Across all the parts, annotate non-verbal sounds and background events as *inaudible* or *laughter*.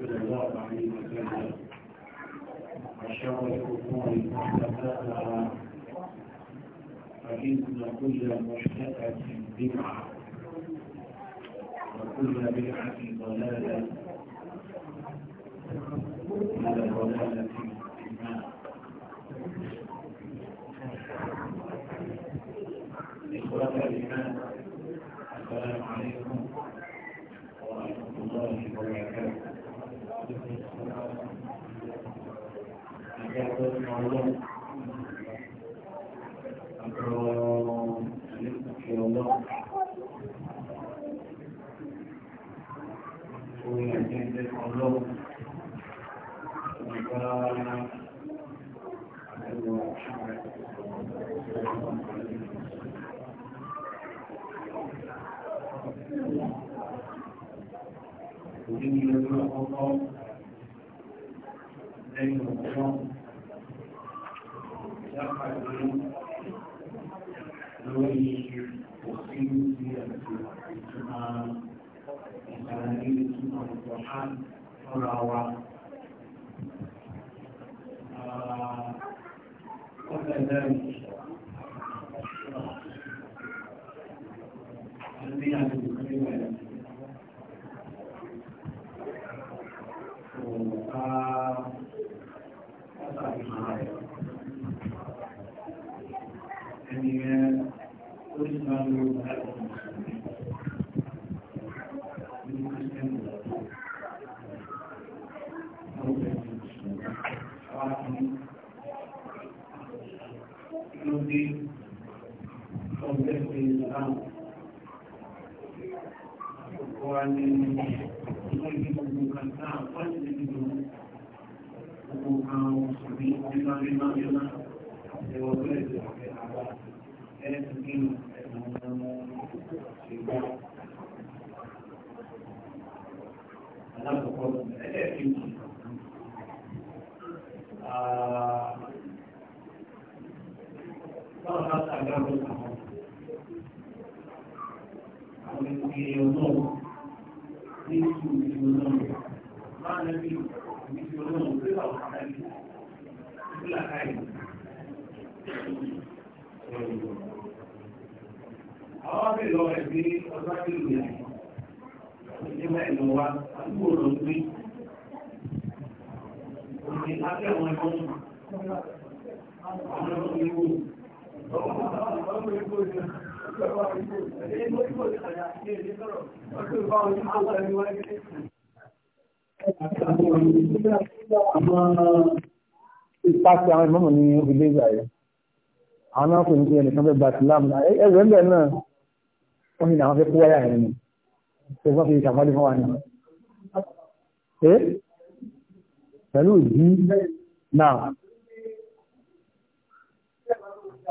إلى الله عليه وسلم وشر الأمور محدثاتها فإن كل محدثة بدعة وكل بدعة ضلالة وكل ضلالة في النار إخوة الإيمان السلام عليكم ọlọ́run àtọ̀rọ̀ àlékún ọlọ́run orin àjẹ́jẹ́ ọlọ́run fúnra wa. Ah, Ọ̀sẹ̀ lẹ́yìn àti àti ìpínlẹ̀ òǹkà pàtàkì máa rẹ̀. Ẹni yẹn ó sì máa ń lo ọ̀gá ìpínlẹ̀. free from blessing around. Wọ́n ní ìwé gbogbo kan náà wọ́n ti nínú gbogbo kan òṣèré nígbà mímọ́ mímọ́ ẹ̀wọ̀n bẹ́ẹ̀ Ìpàṣẹ àwọn ìmọ̀mọ̀ ní obìnrin ìgbà yẹn. Àwọn náà kò ní kí ẹnìkan fẹ́ gba ìsìláàmù náà. Ẹgbẹ́ ń bẹ̀ náà, wọ́n ní àwọn fẹ́ kó wáyà yẹn Ṣé wọ́n fi ìṣàmọ́lé fún wa ni? Ṣé? Pẹ̀lú ìdí náà.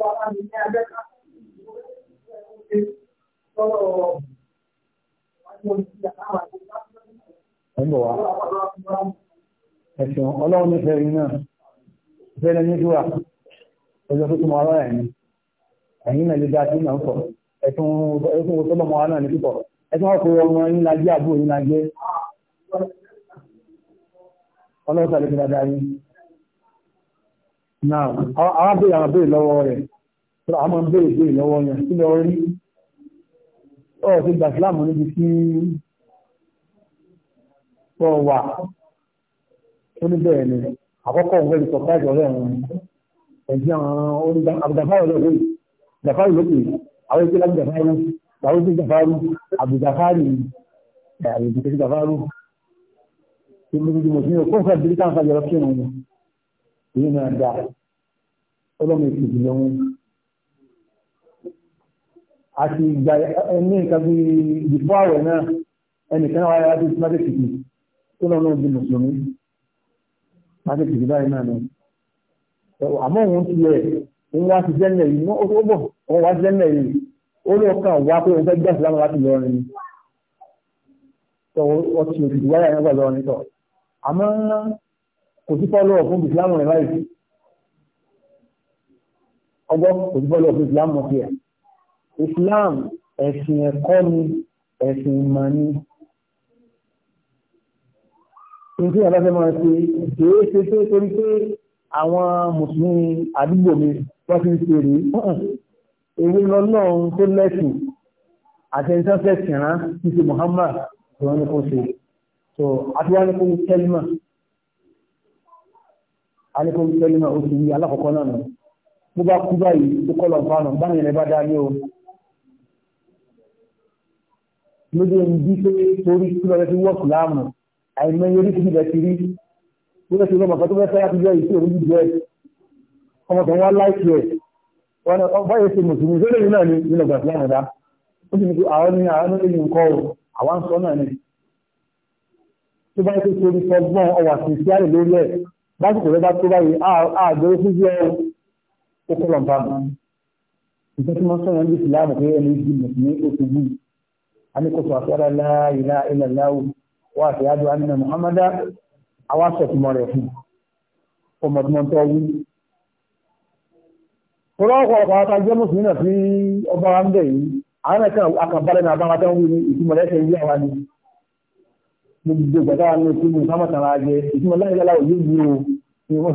bàbá mi ẹ̀sùn ọlọ́run ní fẹ́rin náà fẹ́rẹ̀ ní ṣúwà ọjọ́ tó túnmọ̀ ara ẹ̀yìn ẹ̀yìn náà lè dá sí náà pọ̀ ẹ̀sùn ọ̀tọ́lọ́mọ̀ ara náà ní pípọ̀ ẹ̀sùn ọkùnrin ọmọ yìí àbúrò yìí ọlọ́run tọ́lá àmọ́ bèèrè bèèrè lọ́wọ́ yẹn kí lọ rí ọ̀rọ̀ tí gbà sílámù níbi tí wọ́n wà ó ní bẹ́ẹ̀ ni àkọ́kọ́ òun fẹ́ẹ́ sọ̀tà ìjọ̀rẹ́ ẹ̀wọ̀n ẹ̀jẹ̀ àwọn onígbà àbùdàfáàrọ̀ lọ́wọ́ ìdàfáàrọ̀ lókè àwọn ìpínlẹ̀ àbùdàfáàrọ̀ àwọn ìpínlẹ̀ àbùdàfáàrọ̀ àbùdàfáàrọ̀ àbùdàfáàrọ̀ ìmúdìmọ̀sí òkú nǹkan ìdílé káńfà àti ìgbà ẹni nǹkan bí ìdìbò àwẹ̀ náà ẹnìkan náà wáyé láti ìsúnájẹ́ kìkì tó lọ́nà òbí mùsùlùmí láti kìkì báyìí náà náà àmọ́ òun ti yẹ òun wá sí jẹ́nẹ̀ yìí ó bọ̀ òun wá sí jẹ́nẹ̀ yìí ó lọ kàn wá pé òun fẹ́ gbà sí láwọn láti lọ rìn tó wọ́n ti òkìtì wáyà yẹn gbà lọ rìn àmọ́ kò sí fọ́lọ́ fún ìsìlámù rẹ̀ báyìí ọgbọ́n kò sí fọ́lọ́ fún ìsìlámù rẹ̀ Islam ẹ̀sìn ẹ̀kọ́ ni ẹ̀sìn ìmọ̀ ni nítorí àbáfẹ́ máa ṣe kìí ṣe pé torí pé àwọn mùsùlùmí àdúgbò mi wọ́n ti ń ṣe rèé ewé lọ́lọ́run tó lẹ́sìn àti ẹni tó fẹ̀sìn rán ti ṣe Muhammad tó wọ́n ní kó ṣe so àti wọ́n ní kó tẹ́límà alẹ́kọ̀ọ́ ó ti wí alákọ̀ọ́kọ́ náà nù bá kú báyìí ó kọ́ lọ́ọ̀ fáànù báyìí rẹ̀ bá dá ní o lójú ẹni bí pé torí kí lọ́dẹ ti wọ́ọ̀kù láàmù àìmọye orí síbi lẹ́ti rí bí wọ́n ti lọ́mọ kan tó fẹ́ sáyà tó jẹ́ ìṣe òní jẹ́ ọmọ kan wá láìsí ẹ̀ wọn báyìí ṣe mùsùlùmí sórí èyí náà ni nínú ìgbà tí wọn dá ó sì ní pé àwọn ní àwọn ní èyí nǹkan o àwọn ń sọ náà ni tó bá yẹ kó torí sọgbọ́n ọwà sí síárì lórí ẹ̀ lásìkò rẹ bá tó báyìí àgbẹ̀rẹ̀ fún jẹ́ ó kọ́ lọ́nba mọ́ ìjọ tí wọ́n sọ̀rọ̀ ní ìsìlámù pé ẹni ìdí mùsùlùmí ó ti àníkòsò àfẹ́rẹ́ láìlá ilẹ̀ láwù wà sí àjọ àníyàn Muhammadu awásọ̀túnmọ̀ rẹ̀ fún ọmọdúnmọ́tọ́ wí. Tọ́lá ọkọ̀ ọkọ̀ ọkọ̀ jẹ́ Mùsùlùmí náà sí ọba wa ń bẹ̀ yìí, àwọn ẹ̀ka àkàbálẹ̀ náà bára tán wí ní ìtumọ̀ lẹ́sẹ̀ yí àwa ni. Gbogbo ìgbàdá ni ìtumọ̀ ìsámọ̀tàrà jẹ, ìtumọ̀ láìlá òye yìí o, ni wọ́n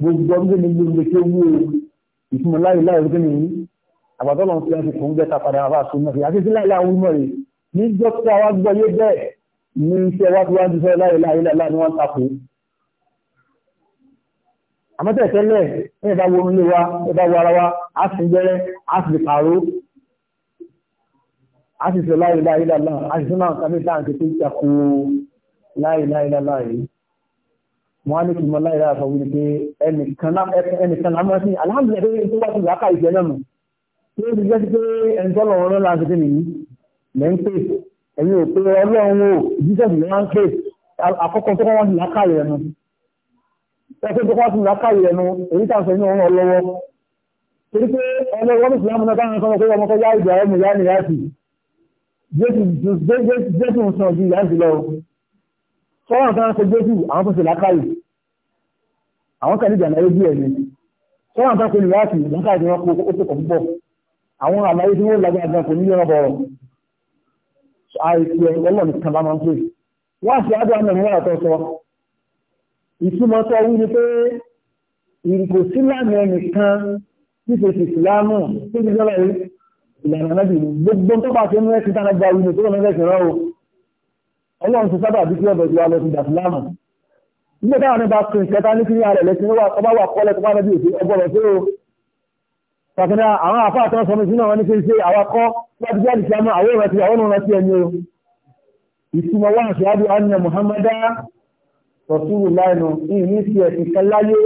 gbogbo ọdún ní gbogbo ṣé wú o, ìtumọ̀ láìlá òye àgbàtọ́lọ̀ ń fi ẹni kò ń gbẹ́ta padà wà sún náà àti sílẹ̀ ilé àwọn ìmọ̀ rẹ̀ ní dókítà wa gbọ́ yé bẹ́ẹ̀ ní iṣẹ́ wa ti wá ń ṣiṣẹ́ láyé láyé láyé ni wọ́n tako. àmọ́tẹ̀ tẹ́lẹ̀ ní ìbá wo nílé wa ìbá wo ara wa a sì gbẹ́rẹ́ a sì pààrọ̀ a sì ṣe láyé láyé láyé a sì sún náà kábí tá à ń tètè ìjàkó láyé láyé láyé wọ́n á ní kí mo láyé láyé sọ wípé ẹnìkan náà ẹnìkan náà mọ́ sí alhamdulilayi tó wá sí ìyá ló ti jẹ́ sí pé ẹni tọ́lọ̀ ọ̀rọ̀ láti pé nìyí lẹ́ ń pè ẹ̀yin ò pé ọlọ́run o jesus ló máa ń pè àkọ́kọ́ tó kọ́ wọ́n ti lákàrí ẹnu ẹgbẹ́ tó kọ́ wọ́n ti lákàrí ẹnu èyí tà sọ inú ọ̀run ọlọ́wọ́ torí pé ọlọ́wọ́ ní ìsìlámù náà táwọn sọmọ pé ọmọ tó yá ìjà ọmọ ìyá nìyá sí jésù ń sàn ju ìyá sí lọ sọ́wọ́n kan ṣe jésù àwọn tó ṣe lákàrí àwọn kan ní ìjà náà yóò bí ẹ̀mí sọ́wọ́n kan ṣe nìyá sí lákàrí wọn kó kó pọ̀ púpọ̀ àwọn àlàyé tí wọ́n lágbára gan kò ní yọ̀rọ̀ bọ̀rọ̀ àìsí ọlọ́ nìkan bá máa ń pè wá sí adó àmì ìwọ́n àtọ́ sọ ìtumọ̀ sọ wí ni pé ìrìkò síláàmù ẹnìkan nífẹ̀ẹ́ sí ìsìláàmù tó ti sọ́lá yìí ìlànà náà bìí gbogbo tó bá ṣe ń rẹ́ síta gba ìlú tó lọ́nà Pàtàkì àwọn àfá àtọ́ sọmọ sínú àwọn oníṣẹ́ iṣẹ́ àwakọ́ láti jẹ́ ìṣàmọ́ àwọn ìrántí àwọn ìrántí ẹni o. Ìtumọ̀ wà ṣe àbí Anna Muhammadu Rasulu Láìnà ìní sí ẹ̀sìn kan láyé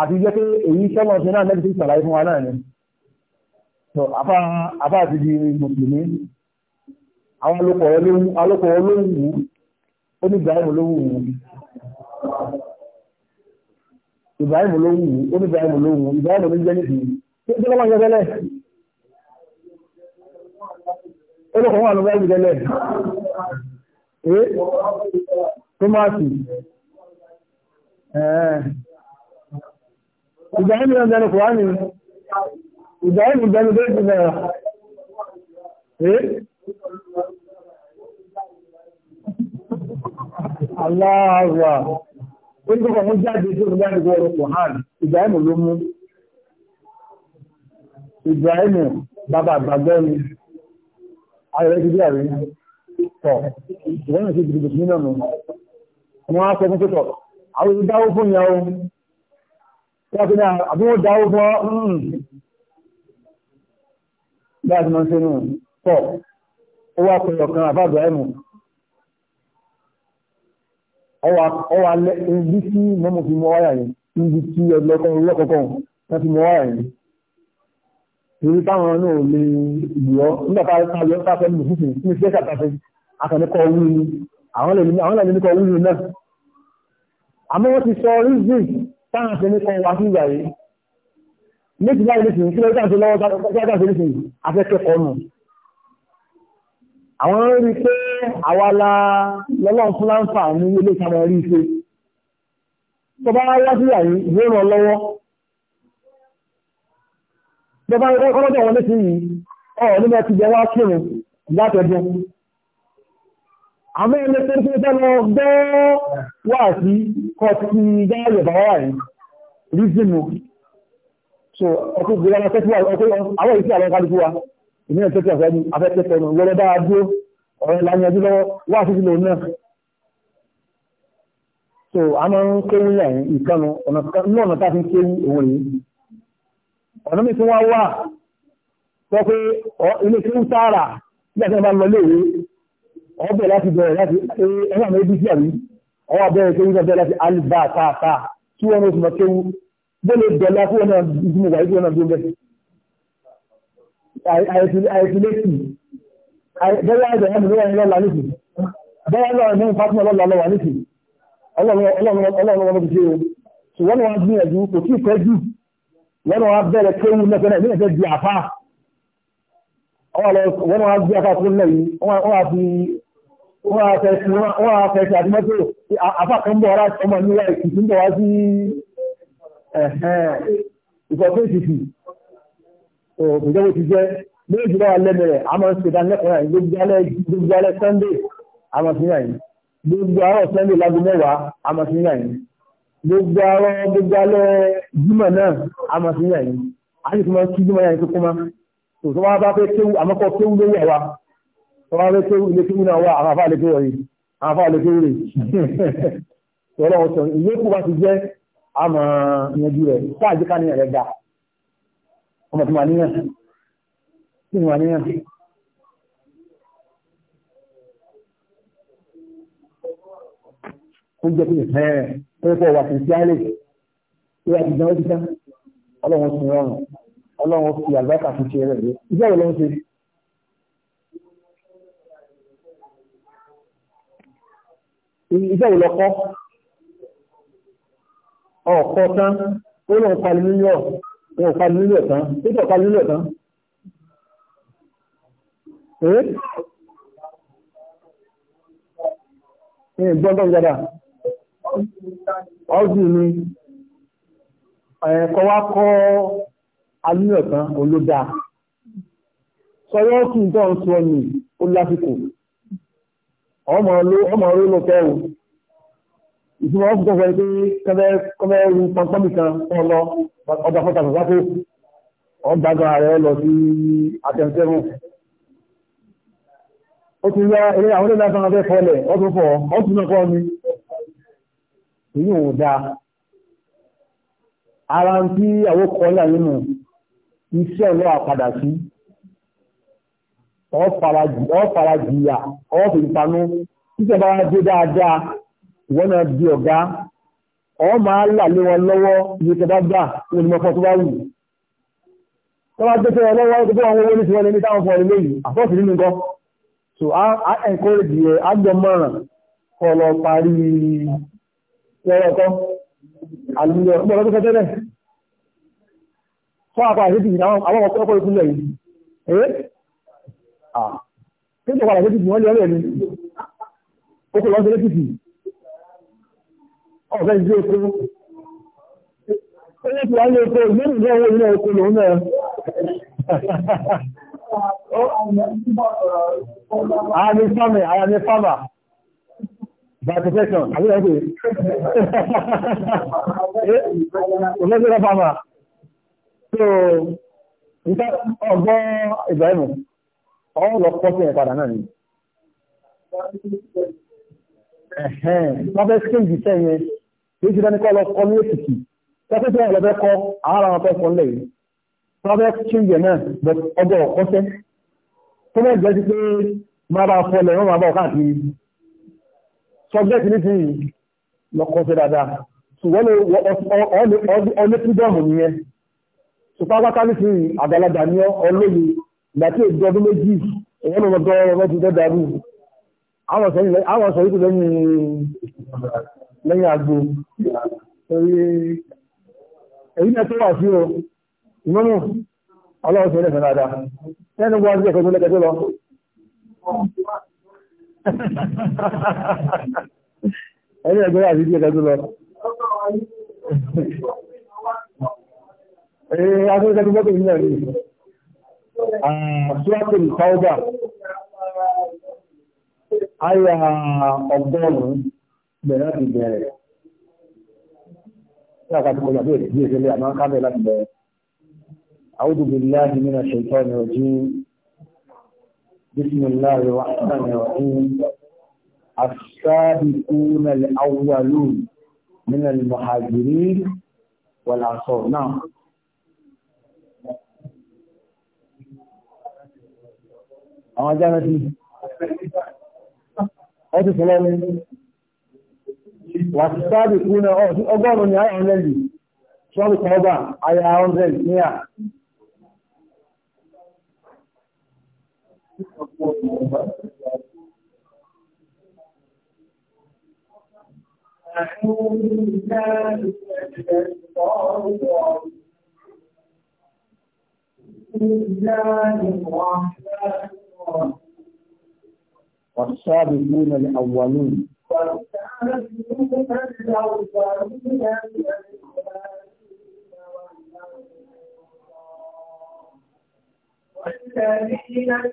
àti jẹ́ pé èyí sọmọ sí náà lẹ́bi sí ìṣàlàyé fún wa náà ni. Sọ àfá àti di Mùsùlùmí. Àwọn alókọ̀ olóhùn ó ní Ibrahim olóhùn wù. Ibrahim olóhùn ó ní Ibrahim olóhùn Ibrahim olóhùn Kí lọ́wọ́ yẹ tẹ́lẹ̀? Olùkọ́ wà ló bẹ́ẹ̀ tẹ́lẹ̀. Ee, Tómásì. Ìdáhùn ni ọ̀dẹ́nu kò wá ní. Ìdáhùn ni ìdáhùn tó ti bẹ̀rẹ̀. Ee. Aláàrùwà. Ó ní kọ́kọ́ mú jáde tó ń jáde gbọ́ ọ̀rọ̀ Kùhán. Ìdáhùn ló mú. Ibrahim bàbá àgbàgbọ́ ni ààrẹ ti díà rí tọ̀ ìwọ́n ìṣe ìdìbò sí nínú wọn á sọ fún pẹ́tọ̀ àwọn ìdáwó fún ìyá o láti ní àbúwọ́n dáwó fún ọ́n hmm. bí a ti máa ń ṣe nù tọ̀ ó wá pẹ̀lú ọ̀kan àbá Ibrahim ọwà ibi tí mọ́mọ́ fi mọ́ wáyà yẹn ibi tí ọlọ́kọ̀ọ́kọ̀ wọ́n fi mọ́ wáyà yẹn torí táwọn náà lè yọ nígbàtà ayọ́ sáfẹ́ ní ìfúfù ní ṣẹ́ṣà tàfẹ́ akẹ́nìkọ́ wúni àwọn lè níkọ́ wúni náà àmọ́ wọ́n ti sọ rízì táwọn ṣe níkọ́ wá sí ìgbà yìí méjì láì lẹ́sìn kí lọ́jọ́ àti lọ́wọ́ sáfẹ́ ṣe lẹ́sìn afẹ́kẹ́kọ̀ọ́ nù àwọn rí pé àwa la lọ́lọ́run fún láǹfà ní ilé ìsàmọ̀ rí ṣe tó bá wá sí ìgbà yìí yóò ràn lọ́wọ́ bẹ́bá ọlọ́dọ̀ wọn léṣe yìí ọ̀ nígbà ti jẹ wá kírun látẹ̀dún àmọ́ ẹni tó ń fẹ́ lọ gbọ́ wà sí kọtí dáyẹ̀ bàbá wà yìí rízìmù so ọkọ̀ gbogbo ọmọ tẹ́tí àwọn ìsí àwọn kálukú wa ìmìnà tẹ́tí àfẹ́ni afẹ́tẹ́tẹ́ ọ̀nà lọ́rọ̀ bá dúró ọ̀rọ̀ ìlànà ẹjú lọ́wọ́ wà sí ìlò náà so a máa ń kéwìn ìkànnù ọ̀nà tá a fi ń kéwìn òun yìí ọ̀nà mi tí wọ́n wà sọ pé ilé tí ń sára nígbà tí wọ́n bá ń lọ léèwé ọbẹ̀ láti bẹ̀rẹ̀ láti ẹ̀rọ àwọn abc àrí ọwọ́ abẹ́rẹ́ kéwú náà bẹ̀rẹ̀ láti alba tààtà tí wọ́n oṣù mọ̀ kéwú bẹ́ẹ̀ dọ̀lá fún ọ̀nà ìdúmọ̀ wà ìdúmọ̀ náà dúró àìsílẹ́sì bẹ́ẹ̀ àìsàn yẹn ló wà ní lọ́la nìsí bẹ́ẹ̀ lọ́la ní fásitì lọ́la lọ́wà nìsí ọlọ́run ọlọ́run ọlọ́run ọlọ́run wọ́n wá bẹ̀rẹ̀ kéwù mẹ́fẹ́rẹ́ ní ẹ̀fẹ́ di àfá wọ́n wá gbé àfá fún lẹ́yìn wọ́n wá fi wọ́n wá fẹ́ sí àdúmọ́tò àfá kan bọ̀ ọ̀rá ọmọ níwá ìkìtì ń bọ̀ wá sí ìfọ̀fẹ́ ìsìsì òkùnjẹ́ bó ti jẹ́ méjì lọ́wọ́ lẹ́nu rẹ̀ a máa ń ṣèdá lẹ́kọ̀ọ́ yìí gbogbo alẹ́ sunday a máa fi gbogbo àwọn gbogbo alẹ́ jímọ̀ náà a máa fi ń yà yìí a sì tún máa kí jímọ̀ yà yìí tó kó máa tó tó wá bá fẹ́ kéwù àmọ́kọ́ kéwù lórí àwa tó wá fẹ́ kéwù ilé kéwù náà wà àwọn afá àlejò rẹ̀ àwọn afá àlejò rẹ̀ *laughs* tọ́lọ́ ọ̀sọ̀ ìyókù bá ti jẹ́ a máa yanjú rẹ̀ káàdì ká níyàn rẹ̀ ga ọmọ tó máa níyàn kí ni máa níyàn oúnjẹ tó yẹ fẹ́ẹ́ pẹ́pẹ́ wà fún síálẹ̀ pé àtijọ́ ó ti tán ọlọ́run sì rọrùn ọlọ́run fi àlùbáríkà fún ṣe rẹ̀ lé iṣẹ́ ìwé ló ń ṣe. iṣẹ́ ìwé lọ́kọ́ ọ̀kọ́ tán ó lóun parí nílò òun parí nílò tán ó tẹ̀ parí nílò tán. Ee? Ee, gbọ́dọ̀ gbọ́dọ̀ ọ́dún ni ẹ̀kọ́ wá kọ́ alúyọ̀tán olódà sọ́yọ́ kí n tọ́ ń sọ ní ó lásìkò ọmọ orí ló fẹ́ o ìtumọ̀ ọ́fún tó fẹ́ pé kọ́fẹ́ rú pọ́npọ́nmì kan fún ọlọ ọjà fọ́ta sàtàkó ọgbàgbà rẹ̀ lọ sí àtẹ̀ntẹ́rù ó ti rí àwọn ilé láti ọmọ fẹ́ fọ́lẹ̀ ọ́ tó fọ́ ọ́ tún náà kọ́ ni èyí ò dáa ara ń tí àwọn kọlẹ̀ nínú iṣẹ́ ọlọ́wà padà sí ọ́fàra jìyà ọ́fì ìpanú dáadáa ìwọ́n náà di ọ̀gá ọ máa là wọn lọ́wọ́ iye ní ìmọ̀fọ́ tó bá wù tó bá so i encourage you agbọmọràn kọlọ parí lọ́rọ̀ kan ọmọ ọlọ́dún kẹtẹ́lẹ̀ fún àpá àti ìdìbò oko ó lè fi wá oko ìgbẹ́rù náà náà Ààrẹ fámà, ààrẹ fámà by profession àbí ẹ̀ pé olóṣèlú so nta ọgbọ́n Ibrahim ọ̀hún lọ pọ́ sí náà ni wọ́n fẹ́ skéèjì sẹ́yìn kì í ṣe dání lọ kọ́ ní Èkìtì tọ́kí tí lọ subject ní ti lọ́kọ́ sí dáadáa ṣùgbọ́n ọlé freedom nìyẹn ṣùpápátá ní ti àgbàlagbà ní ọlọ́yìn ìgbà tí èdè ọdún méjì èyàn lọ́wọ́ gọ́ ọmọ ti dẹ́dà rú àwọn sọ yìí lẹ́yìn àgbo èyí náà tó wà sí o ìmọ́nù ọlọ́run sọ ilẹ̀ fẹ́ dáadáa ẹni wọ́n ti ẹ̀kọ́ ìgbẹ́lẹ́kẹ́ tó lọ ẹni ẹgbẹ́ àti ìdí ẹ̀dá tó lọ. Ee, akẹ́kẹ́ tó gbọ́dọ̀ nílẹ̀ rí. Àṣíwájú ìkáwọ́bà, àyà ọgọ́rùn-ún bẹ̀rẹ̀ láti bẹ̀rẹ̀. Ṣé àkàtí kọjá bẹ̀rẹ̀ bí ìṣẹ̀lẹ̀ àmọ́ kábẹ̀ láti bẹ̀rẹ̀. بسم الله الرحمن الرحيم السابقون الأولون من المهاجرين والأنصار نعم أما جانا في أوتو سلام والسابقون أوتو أغانون يا أهلالي شو أبو كوبا أي أهلالي أعوذ بالله من الشيطان الرجيم بسم الله الرحمن الرحيم والسابقون الأولون والسابقون الأولون والذين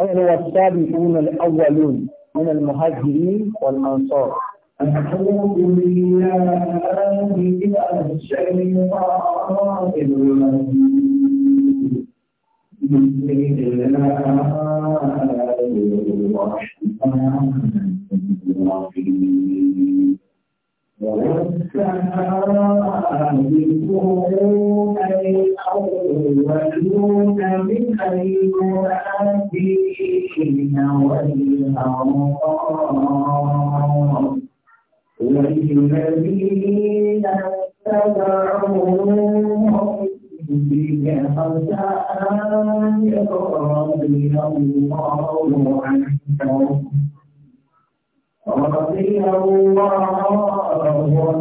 قال هو السابقون الأولون من المهاجرين والأنصار والسابقون الأولون من المهاجرين المشركين والأنصار والذين اتبعوهم بإحسان رضي الله عنهم رضي الله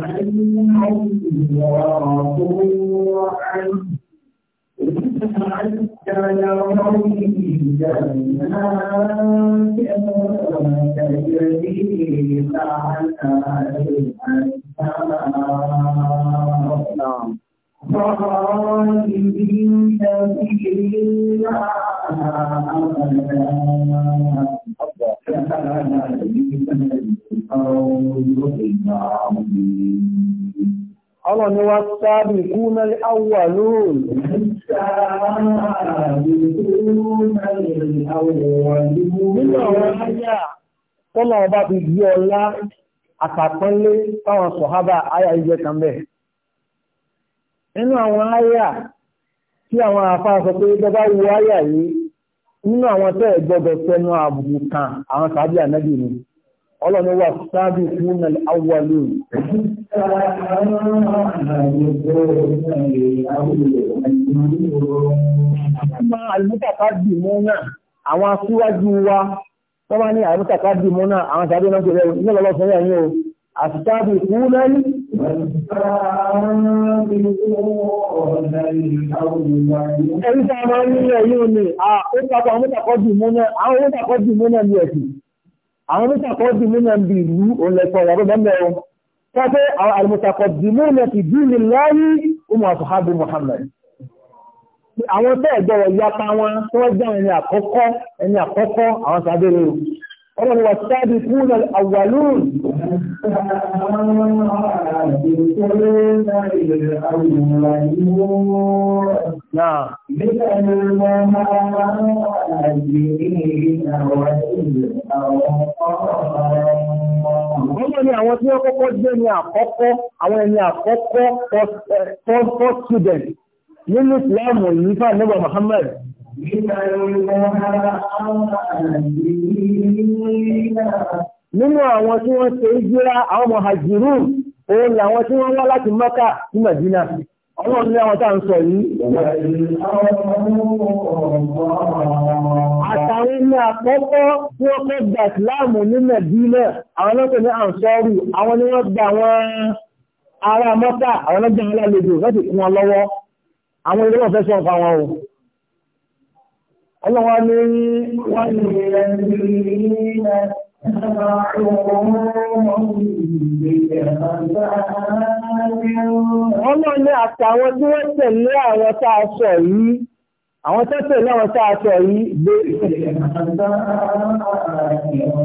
عنهم ورضوا عنه حتى يرون جنات تجري تحتها الأنهار خالدين فيها أبدا كان لبئس القول العظيم Ọlọ́run ni wá sáàbì kú mẹ́lẹ̀ àwà lóòrùn. Nínú àwọn ayá tọ́lọ̀ ọba fi gbí ọlá àtàpọ́nlé táwọn sọ̀hábà ayà kan bẹ̀. Nínú àwọn ayá tí àwọn àfáà yìí, nínú àwọn àbùkù kan àwọn ọlọ́ni wà sáàbì fún àwọlú àwọn aṣíwájú wa tó bá ní àrùtàkà dìmọ́ náà àwọn tàbí náà tó rẹ̀rù ní lọ́lọ́ fún ẹ̀yìn o àṣìtàbí fún lẹ́yìn ẹ̀rí tàbí ní ẹ̀yìn o ní àwọn òtàkọ́ dìmọ́ náà ni ẹ̀sìn àwọn mẹ́tàkọ́ di nínú ẹ̀mí ìlú òǹlẹ̀kọ́ ìyàwó mẹ́mẹ́ o káfẹ́ àwọn àlùmọ́tàkọ́ di mú ilẹ̀ ti dí níláyé ọmọ àfọ̀hábù Muhammad àwọn tẹ́ẹ̀gbọ́rọ̀ yapa wọn tí ẹni àkọ́kọ́ ẹni àkọ́kọ́ àwọn sábẹ́rẹ́ ọlọ́run wà sáàbì fún àwàlúùn Ọjọ́ ni àwọn tí wọ́n kọ́kọ́ jẹ́ ni àkọ́kọ́, àwọn ẹni àkọ́kọ́ first eh, student nínú ìsìlámù yìí nígbà Muhammad Nínú àwọn tí wọ́n ṣe ìjírá àwọn mọ̀hàjìrú, òun làwọn tí wọ́n wá láti Mọ́kà ní Mẹ̀dínà. Ọlọ́run ní àwọn tá ń sọ yìí. Àtàwọn ilé àkọ́kọ́ tí wọ́n kọ́ gba ìsìláàmù ní Mẹ̀dínà, àwọn lọ́pẹ̀ ní àǹsọ́rù, àwọn ni wọ́n gba àwọn ará Mọ́kà, àwọn lọ́gbà alálejò láti kún wọn lọ́wọ́. Àwọn ilé wọn fẹ́ sọ fáwọn o ọlọ́wọ́ ní wọ́n ní ilẹ̀ Ọlọ́run ní àtàwọn tí wọ́n tẹ̀lé àwọn tá a sọ yìí, àwọn tó tẹ̀lé àwọn tá a sọ yìí gbé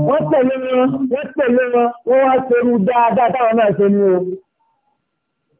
wọ́n tẹ̀lé wọn, wọ́n tẹ̀lé wọn, wọ́n wá ṣerú dáadáa táwọn náà ṣe ní o.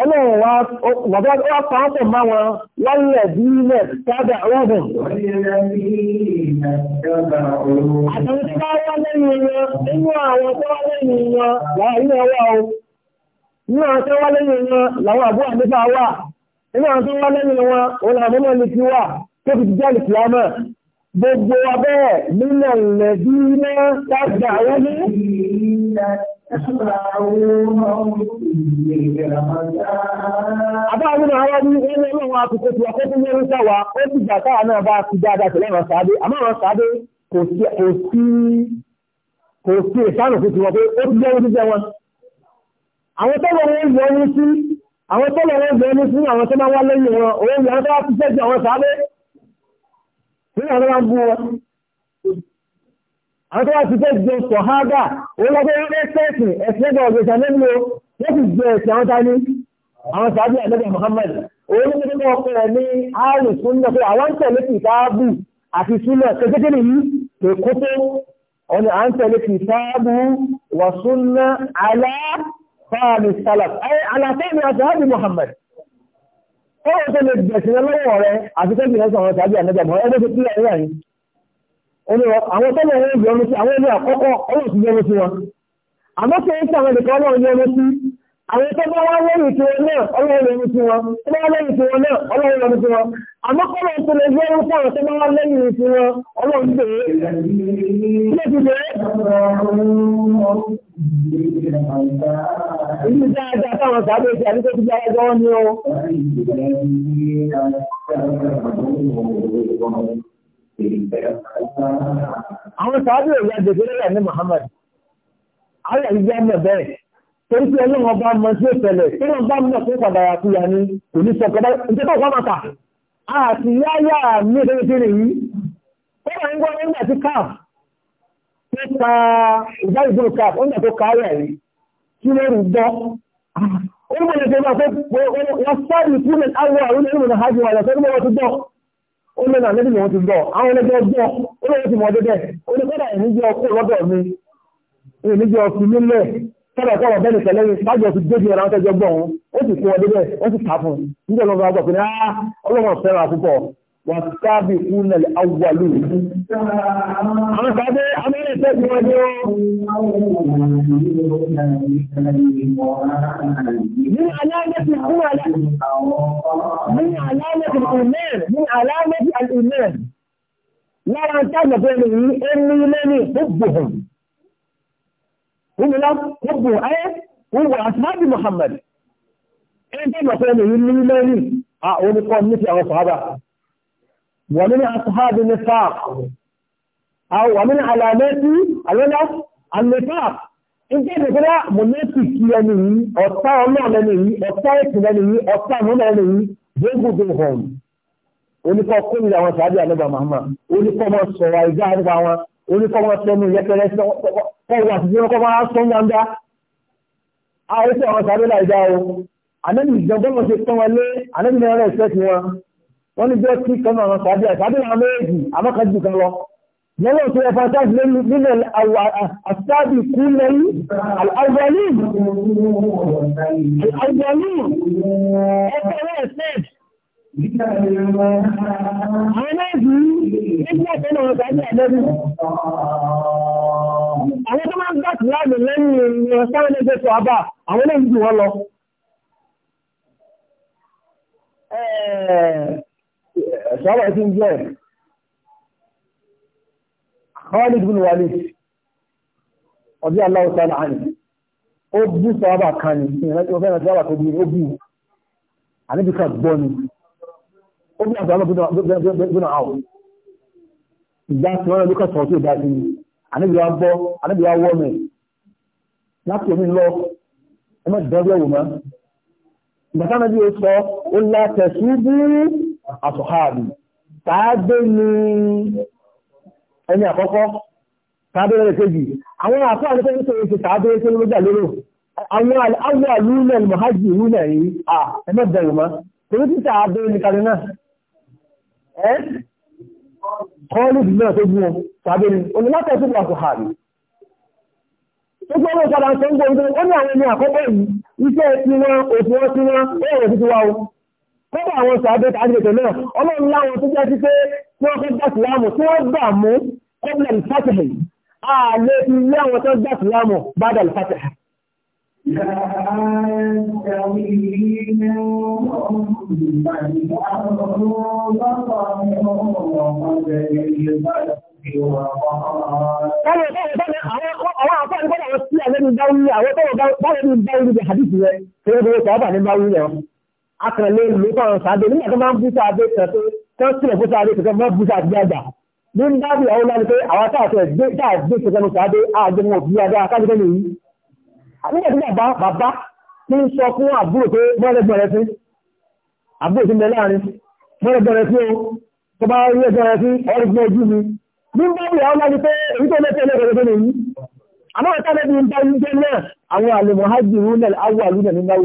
ọlọ́run wá bàbá wá pàápọ̀ má wọn wálẹ̀ bí ilẹ̀ sábà rọ́bùn. àtàwọn tí wá wá lẹ́yìn wọn nínú àwọn tó wá lẹ́yìn wọn láàrin ọwọ́ o nínú àwọn tó wá wọn gbogbo abẹ́ẹ̀ nínú ilẹ̀ bí ilẹ̀ sábà rọ́bùn. Àbáwọn ará ní ẹni ọlọ́run àkùkò tí ọkọ́ tó mẹ́rin sáwà, ó ti gbà táà náà bá ti dáadáa tẹ̀lé ọ̀rọ̀ sàádé. Àmọ́ ọ̀rọ̀ sàádé kò sí ìsánù fún tiwọn pé ó ti jẹ́ ojú jẹ́ wọn. Àwọn tó àwọn tó wá ti fẹ́ jẹ sọ̀hádà olóògbé ẹ̀sẹ̀sì ẹ̀sẹ̀gbẹ̀ ọ̀gbẹ̀sà lẹ́nu o wọ́n sì jẹ ẹ̀sẹ̀ àwọn tání àwọn sàábì àlẹ́gbẹ̀ Muhammad olóògbé tó kọ́ ẹ̀ ní ààrùn súnmọ́ pé àwọn tẹ̀lé ti táàbù àti súnmọ́ kékeré nìyí kò kó tó ọ̀nà à ń tẹ̀lé ti táàbù wà súnmọ́ aláfáàmì sálàf aláfáàmì àti Muhammad ó wọ́n tó lè bẹ̀sẹ̀ lọ́wọ́ àwọn tọ́lọ̀ wọn yọ ọmọ sí àwọn ẹni àkọ́kọ́ ọlọ́run sí yọmọ sí wọn àmọ́ tó ń sàwọn nìkan ọlọ́run yọmọ sí àwọn tọ́lọ̀ wọn lẹ́yìn tí wọn náà ọlọ́run yọmọ sí wọn tọ́lọ̀ wọn lẹ́yìn tí wọn náà ọlọ́run yọmọ sí wọn àmọ́ kọ́lọ̀ tó lè yọ ọmọ sáwọn tọ́lọ̀ wọn lẹ́yìn tí wọn ọlọ́run bèrè ilé ti bèrè ìlú dáadáa táwọn sábẹ́ ti àdúgbò ti gbára jọ wọn ni ó. Àwọn sàábì ìyá Jẹ́gẹ́rẹ́lẹ̀ ní Muhammad. Ààrẹ ya ọmọ bẹ́ẹ̀. Torí pé ọlọ́run ọba mọ sí ìfẹ̀lẹ̀, tí wọ́n bá mọ̀ fún padà yà fúya ní kò ní sọ kọ́dá. Ǹjẹ́ tó kọ́ màkà? Àti yáyà mí ìdẹ́rù tí rè yí. Kọ́dà ń gbọ́ nígbà tí káàf tó ka ìjà ó lẹ́nà níbi ni wọ́n ti gbọ́ àwọn ẹlẹ́gbẹ́ gbọ́ ó lẹ́yìn tí mo dé bẹ́ẹ̀ ó ní kọ́dà ìní jẹ́ ọkọ̀ lọ́dọ̀ mi ìní jẹ́ ọkọ̀ nílẹ̀ kọ́dà kọ́dà bẹ́ẹ̀ nìkan lẹ́yìn bájọ́ ti dé ìran tẹ́jọ́ gbọ́ wọn ó sì kó wọn dé bẹ́ẹ̀ wọ́n sì kà fún un níjọ́ lọ́wọ́ gbọ́ pé ní ah, ọlọ́run fẹ́ràn àkúkọ̀ والسابقون الأولون أنا قاعد أنا أتاك من علامة الأولى من علامة الإيمان من علامة الإيمان لا أنتم بأنه إني لن حبهم هم لا حبه أي هو أصحاب محمد أنتم بأنه إني لن أقول لكم مثل أصحابه ومن أصحاب النفاق أو ومن علامات الولد النفاق إن كان كده منافق يعني أصحاب معنى أصحاب يعني أصحاب معنى جنبهم oníkọ́ kórìíra àwọn sàájú àlọ́bà màmá oníkọ́ máa sọ̀rọ̀ àìjá nípa wọn oníkọ́ máa sọnù yẹpẹrẹ ọwọ́ àtijọ́ ọkọ̀ máa sọ ń gbangba àwọn oníkọ́ àwọn sàájú àìjá o ànábì ìjọba wọn ṣe tán wọn lé ànábì náírà ìfẹ́ sí wọn wọ́n ní bẹ́ẹ̀ kí kan náà sàbí àtàbí àwọn méjì àmọ́kàjù kan lọ lọ́wọ́ tó ẹfà sáàbì nínú àsáàbì kú lẹ́yìn àgbàlì àgbàlì ẹgbẹ̀rẹ̀ ẹ̀sẹ̀ àwọn méjì nígbà tó náà sàbí àdẹ́bí àwọn tó máa ń gbàtí láàmì lẹ́yìn ọ̀sáwọn ẹgbẹ́ ṣọ́rọ̀ sí خالد بن bin Walid الله Allah ta'ala anhu ó bú sọ́ọ́bà kan ní ìrìnlẹ́tí ọfẹ́ ìrìnlẹ́tí ọwà tó bí ó bú àníbìkà gbọ́ ni ó bí àgbàmọ́ gbọ́nà àwọn ìgbà tí wọ́n lókà sọ̀rọ̀ tó ìdájí ni àníbìwá gbọ́ àníbìwá wọ́ mi láti omi lọ ẹmọ́ ìdánwò wò mọ́ ìgbà ó sọ àṣọ̀háàbì tàádé ní ẹni àkọ́kọ́ tàádé rẹ̀ kejì àwọn àfáà ní pé nítorí ti tàádé tí ó lójà lérò àwọn àwọn àlúlẹ̀ mọ̀hájì ìrúlẹ̀ yìí à ẹmẹ́bẹ̀rẹ̀ mọ́ torí ti tàádé ní kàrínà ẹ́ kọ́ọ̀lù ìdílé tó gún tàádé ní onílátẹ̀ tó àṣọ̀háàbì Gbogbo ọmọ ìpadà ń sọ ń gbogbo ó ní àwọn ẹni àkọ́kọ́ yìí, iṣẹ́ ti wọn, òfin wọn ti wọn, ó rẹ̀ sí ti wá o. kọ́bà àwọn sàádọ́ta àdìbẹ̀tẹ̀ náà ọlọ́run láwọn tó jẹ́ sí pé tí wọ́n fẹ́ gbà síláàmù tí wọ́n gbà mú kọ́bà ìfàtẹ̀hẹ̀ ààlé ti àwọn tó gbà síláàmù bádà ìfàtẹ̀hẹ̀. Àwọn àwọn tó bá wọn bá wọn akànlẹ̀ lókọ̀ọ̀rọ̀ sáadé nígbà tó máa ń búta abé kan tó tán sílẹ̀ fún sáadé kankan máa ń búta àti àgbà ní ń dábì àwọn láti pé àwọn táàtọ̀ ẹ̀gbẹ́ táàgbé kankan sáadé àgbẹ̀mọ̀ bí adá akájúkẹ́ nìyí nígbà tí bàbá bàbá tí ń sọ fún àbúrò pé mọ́lẹ́gbọ̀n rẹ fún àbúrò tí ń bẹ láàrin mọ́lẹ́gbọ̀n o tó bá rí ẹgbẹ́ rẹ fún ọ̀rẹ́ fún ojú mi ní ń dábì àwọn láti pé èyí tó lẹ́tẹ̀ lẹ́gbẹ̀rẹ́ fún awọ àlúnẹ̀ nígbàwó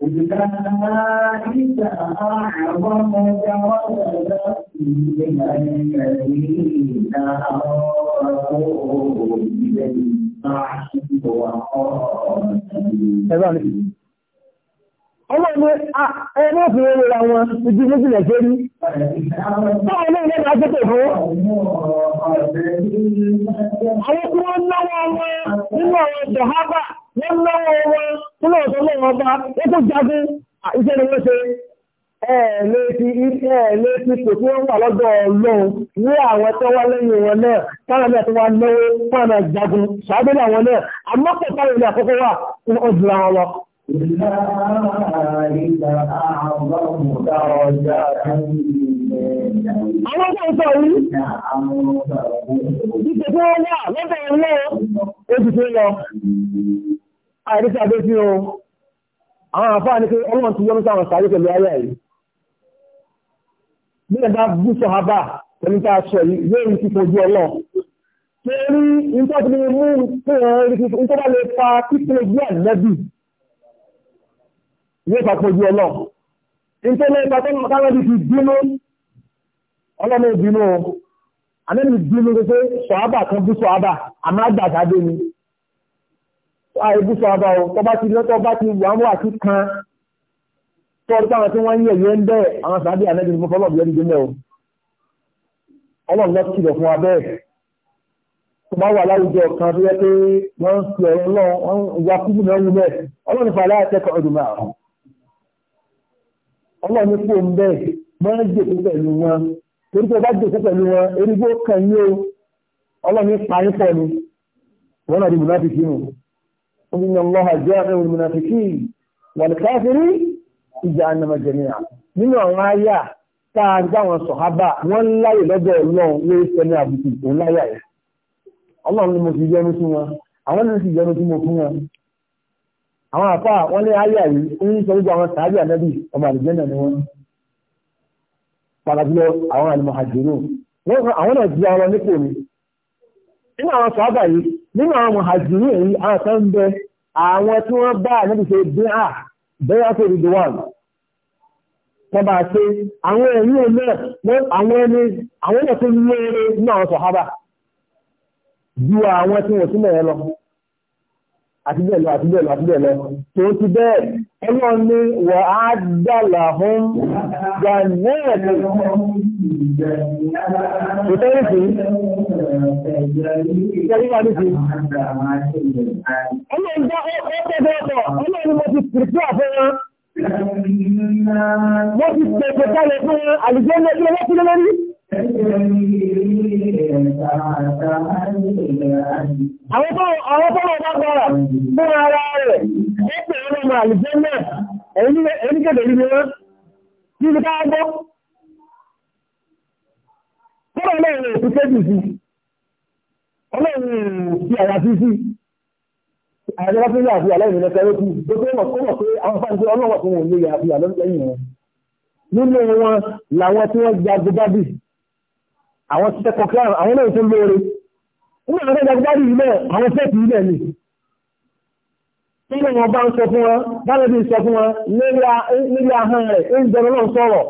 أولئك أعظم درجة من الذين أرادوا بالبعث وقاتلوا Ọlọ́run ní ẹni òfin orí ra wọn ojú méjì lẹ̀ ṣe rí. Báwọn náà lẹ́nu ajẹ́tẹ̀ fún. Àwọn tí wọ́n wọ́n lọ́wọ́ wọn nínú ọ̀sán lọ́wọ́ ọba ó tó jagun iṣẹ́ ni wọ́n ṣe ẹ̀ẹ́lẹ́tí ẹ̀ẹ́lẹ́tí kò tí wọ́n wà lọ́dọ̀ ọlọ́run ní àwọn tó wá lẹ́yìn wọn náà táwọn tó wá náwó fún àwọn jagun ṣáájú àwọn náà àmọ́pọ̀ أولئك أعظم درجة Àwọn ọjọ́ ìsọ̀ yìí, ìpè tí wọ́n wà lọ́dọ̀ ẹ̀lọ́ oṣù tó lọ, àìríṣẹ́ àbẹ́ sí o, àwọn àfáà ní pé ọlọ́run ti yọ́nú sáwọn sàárẹ́ pẹ̀lú ayé yìí. Nílẹ̀ bá bú sọ àbá pẹ̀lú tá a sọ yìí, yóò rí fífò ojú ọlọ́. Torí, ìtọ́jú ni mú fún ẹ̀rí fífò, ìtọ́jú lè fa yóò sọ fojú ọlọ́ nítorí ẹgbà tó ń káwẹ́dì ti bínú ọlọ́mọ ìbínú o àmẹ́bí bínú pé sọ̀ábà kan bú sọ̀ábà àmọ́ àgbàdàdé ni àìbú sọ̀ábà o tó bá ti lọ́tọ́ bá ti wà wà sí kan tó ọdún táwọn tí wọ́n ń yẹ̀yẹ́ ń bẹ́ẹ̀ àwọn sàábì àmẹ́bí ni mo fọlọ́ bíọ́ nígbẹ́ o ọlọ́run lọ kìlọ̀ fún wa bẹ́ẹ̀ tó bá wà láwùjọ kan tó yẹ pé wọ́n ń fi ọ̀rọ̀ náà wọ́n ń wá kúrú náà wù bẹ́ẹ̀ ọlọ́run fà láyà tẹ́kọ̀ọ́ ọdún máa ọlọ́run kú ń bẹ́ẹ̀ máa ń jòkó pẹ̀lú wọn torí pé bá jòkó pẹ̀lú wọn erigbó kan yóò ọlọ́run parí pọ̀ ni wọn náà di munafiki nù omi ní ọlọ́ha jẹ́ ẹ̀rọ munafiki wal kafiri jahannama jami'a nínú àwọn àyà tá a gbá wọn sọ̀hábà wọ́n láyè lọ́dọ̀ ọlọ́run lórí sẹ́ni àbùkù òun láyà yẹn ọlọ́run ni mo fi yẹnu sí wọn àwọn sì yẹnu sí mo fún wọn àwọn àfà wọ́n lé ayé àyè ń sọ gbogbo àwọn sàájú ànábì ọmọ àlùjẹ́nà ni wọ́n àwọn àwọn náà nípò ni nínú àwọn sàábà yìí nínú àwọn àwọn ń bẹ àwọn tí wọ́n bá ṣe à tó di wọ́n bá ṣe àwọn ẹ̀rí àwọn ẹni àwọn ẹ̀kọ́ nínú àwọn sàábà ju àwọn tí wọ́n lọ àti bẹ́ẹ̀ lọ àti bẹ́ẹ̀ lọ àti bẹ́ẹ̀ lọ tó ti bẹ́ẹ̀ ẹlọ́ ni wà á dàlà hún gànẹ́ẹ̀lì ìtẹ́rìsì ìtẹ́rìsì ẹlọ́ ìjọ ọ́pẹ́bẹ́ẹ̀kọ́ ẹlọ́ ni mo ti pìrìtì àfẹ́rẹ́ mo ti pẹ̀pẹ̀ kalẹ̀ fún àlùjẹ́ Àwọn bọ́wọ̀ bá gbọ́rọ̀ fún ara rẹ̀ nígbè ọlọ́mọ àlùfẹ́ náà ẹnikẹ́dẹ̀ rí wọ́n nínú ká gbọ́. Kọ́rọ̀ lẹ́yìn rẹ̀ fún kéjì sí, ọlọ́run sí àyà sí sí, àyàjọ́ fún yà fún àlẹ́yìn rẹ̀ fẹ́rẹ́ kú, gbogbo ọmọ àwọn ti tẹ́kọ̀ọ́ kí àwọn náà tó lóore nígbà tó tẹ́jọ gbárí ilẹ̀ àwọn fẹ́ẹ̀tì ilẹ̀ ni nínú wọn bá ń sọ fún wọn báwọn bí sọ fún wọn lórí ahọ́n rẹ̀ ó ń jẹun náà sọ̀rọ̀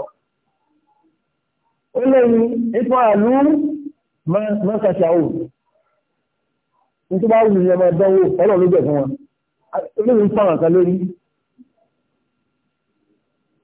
ó lẹ́yìn ipò àlú mọ́sàṣà ò nítorí wọn wù ní ọmọ ẹ̀dánwò ọlọ́run ló jẹ̀ fún wọn olóyún fáwọn kan lórí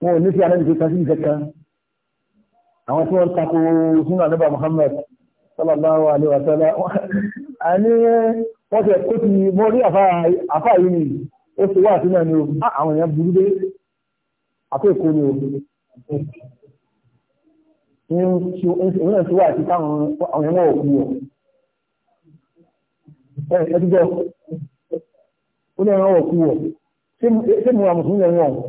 wọn ò ní sí anábì kankan sí ìkẹkẹ àwọn tí wọ́n tako sunu anábà Muhammad sallallahu alaihi wa sallam àní wọ́n ti kó ti mọ́ rí àfáà yìí ni ó ti wá àtúnyà ni o àwọn èèyàn burú dé àti èkó ni o ìwé náà ti wá àti táwọn àwọn èèyàn náà kú ọ ẹ ti gbọ́ ó ní àwọn ọkú ọ ṣé mo ra mùsùlùmí lẹ́yìn ọ̀hún.